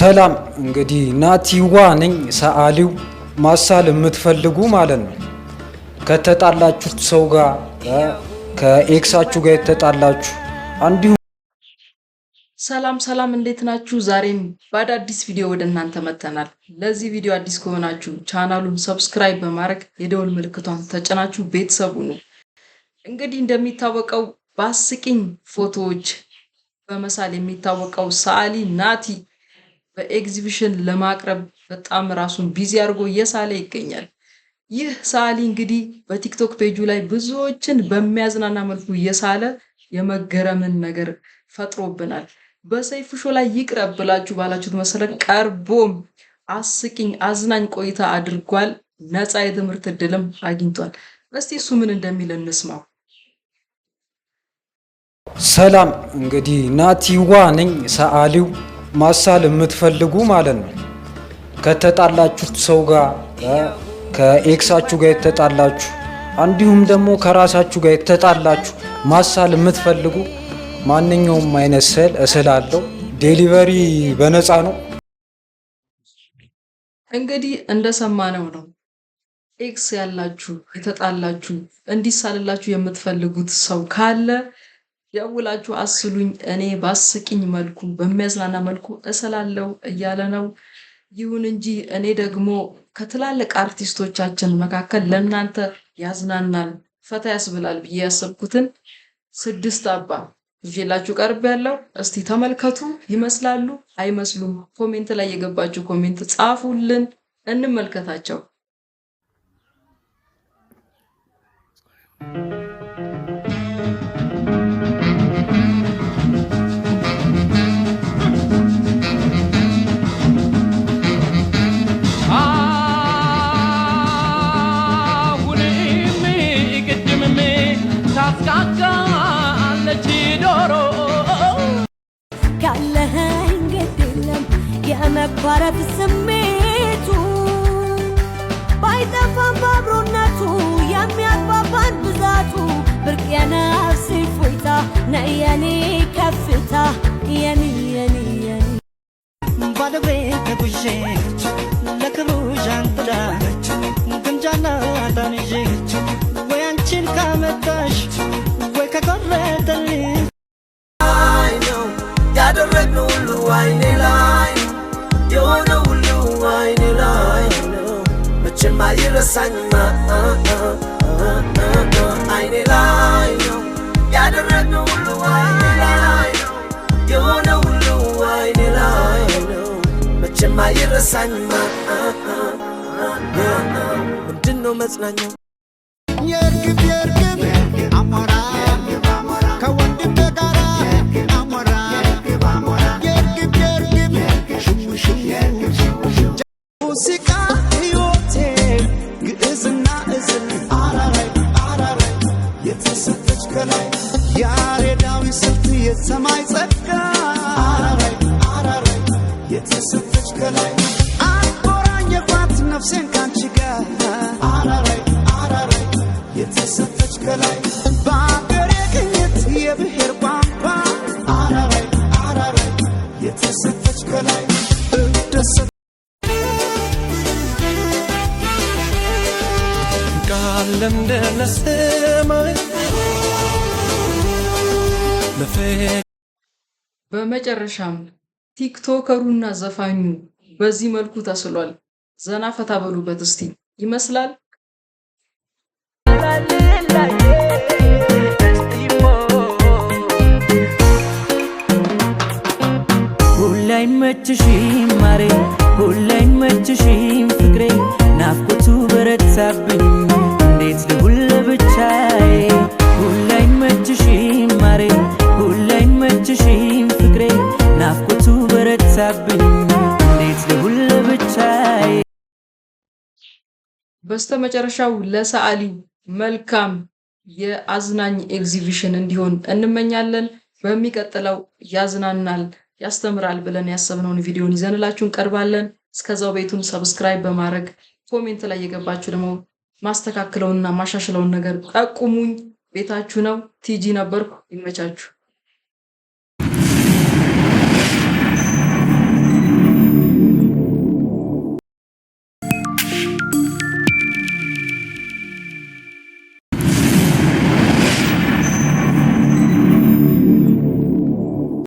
ሰላም እንግዲህ ናቲዋ ነኝ። ሰዓሊው ማሳል የምትፈልጉ ማለት ነው። ከተጣላችሁት ሰው ጋር ከኤክሳችሁ ጋር የተጣላችሁ እንዲሁ ሰላም ሰላም፣ እንዴት ናችሁ? ዛሬም በአዳዲስ ቪዲዮ ወደ እናንተ መጥተናል። ለዚህ ቪዲዮ አዲስ ከሆናችሁ ቻናሉን ሰብስክራይብ በማድረግ የደወል ምልክቷን ተጭናችሁ ቤተሰቡ ነው። እንግዲህ እንደሚታወቀው በአስቂኝ ፎቶዎች በመሳል የሚታወቀው ሰዓሊ ናቲ በኤግዚቢሽን ለማቅረብ በጣም ራሱን ቢዚ አድርጎ እየሳለ ይገኛል። ይህ ሰዓሊ እንግዲህ በቲክቶክ ፔጁ ላይ ብዙዎችን በሚያዝናና መልኩ እየሳለ የመገረምን ነገር ፈጥሮብናል። በሰይፉ ሾ ላይ ይቅረብ ብላችሁ ባላችሁት መሰረት ቀርቦም አስቂኝ አዝናኝ ቆይታ አድርጓል። ነፃ የትምህርት እድልም አግኝቷል። እስቲ እሱ ምን እንደሚል እንስማው። ሰላም እንግዲህ ናቲዋ ነኝ ሰዓሊው ማሳል የምትፈልጉ ማለት ነው። ከተጣላችሁ ሰው ጋር ከኤክሳችሁ ጋር የተጣላችሁ እንዲሁም ደግሞ ከራሳችሁ ጋር የተጣላችሁ ማሳል የምትፈልጉ ማንኛውም አይነት ስዕል እስላለሁ። ዴሊቨሪ በነፃ ነው። እንግዲህ እንደሰማነው ነው። ኤክስ ያላችሁ የተጣላችሁ እንዲሳልላችሁ የምትፈልጉት ሰው ካለ ደውላችሁ አስሉኝ፣ እኔ ባስቂኝ መልኩ በሚያዝናና መልኩ እስላለሁ እያለ ነው። ይሁን እንጂ እኔ ደግሞ ከትላልቅ አርቲስቶቻችን መካከል ለእናንተ ያዝናናል፣ ፈታ ያስብላል ብዬ ያሰብኩትን ስድስት አባ ይዤላችሁ ቀርብ ያለው እስቲ ተመልከቱ። ይመስላሉ አይመስሉም? ኮሜንት ላይ የገባችሁ ኮሜንት ጻፉልን፣ እንመልከታቸው። መባረፍ ስሜቱ ባይጠፋም ባብሮነቱ የሚያግባባን ብዛቱ ብርቅ የነፍሴ እፎይታ ነይ የኔ ከፍታ የኔ የኔ የኔ ባለቤ ተጉዤ ለክብሩ ዣንጥላ ግምጃና ወይ አንቺን ካመጣሽ ወይ ከቆረጠልኝ ያደረግነው ሁሉ አይኔ ላይ የሆነ ሁሉ አይኔ ላይ ነው መቼም አይረሳኝማ አይኔ ላይ ነው ያደረግነው ሁሉ አይኔ ላይ ነው የሆነው ሁሉ አይኔ ላይ ነው መቼም አይረሳኝማ ምንድን ነው መጽናኛው የእርግብ የእርግ በመጨረሻም ቲክቶከሩና ዘፋኙ በዚህ መልኩ ተስሏል። ዘና ፈታ በሉበት እስቲ ይመስላል። ሁላይ መችሽ በስተመጨረሻው ለሰዓሊው መልካም የአዝናኝ ኤግዚቢሽን እንዲሆን እንመኛለን። በሚቀጥለው ያዝናናል፣ ያስተምራል ብለን ያሰብነውን ቪዲዮን ይዘንላችሁ እንቀርባለን። እስከዛው ቤቱን ሰብስክራይብ በማድረግ ኮሜንት ላይ የገባችሁ ደግሞ ማስተካክለውንና ማሻሽለውን ነገር ጠቁሙኝ። ቤታችሁ ነው። ቲጂ ነበርኩ። ይመቻችሁ።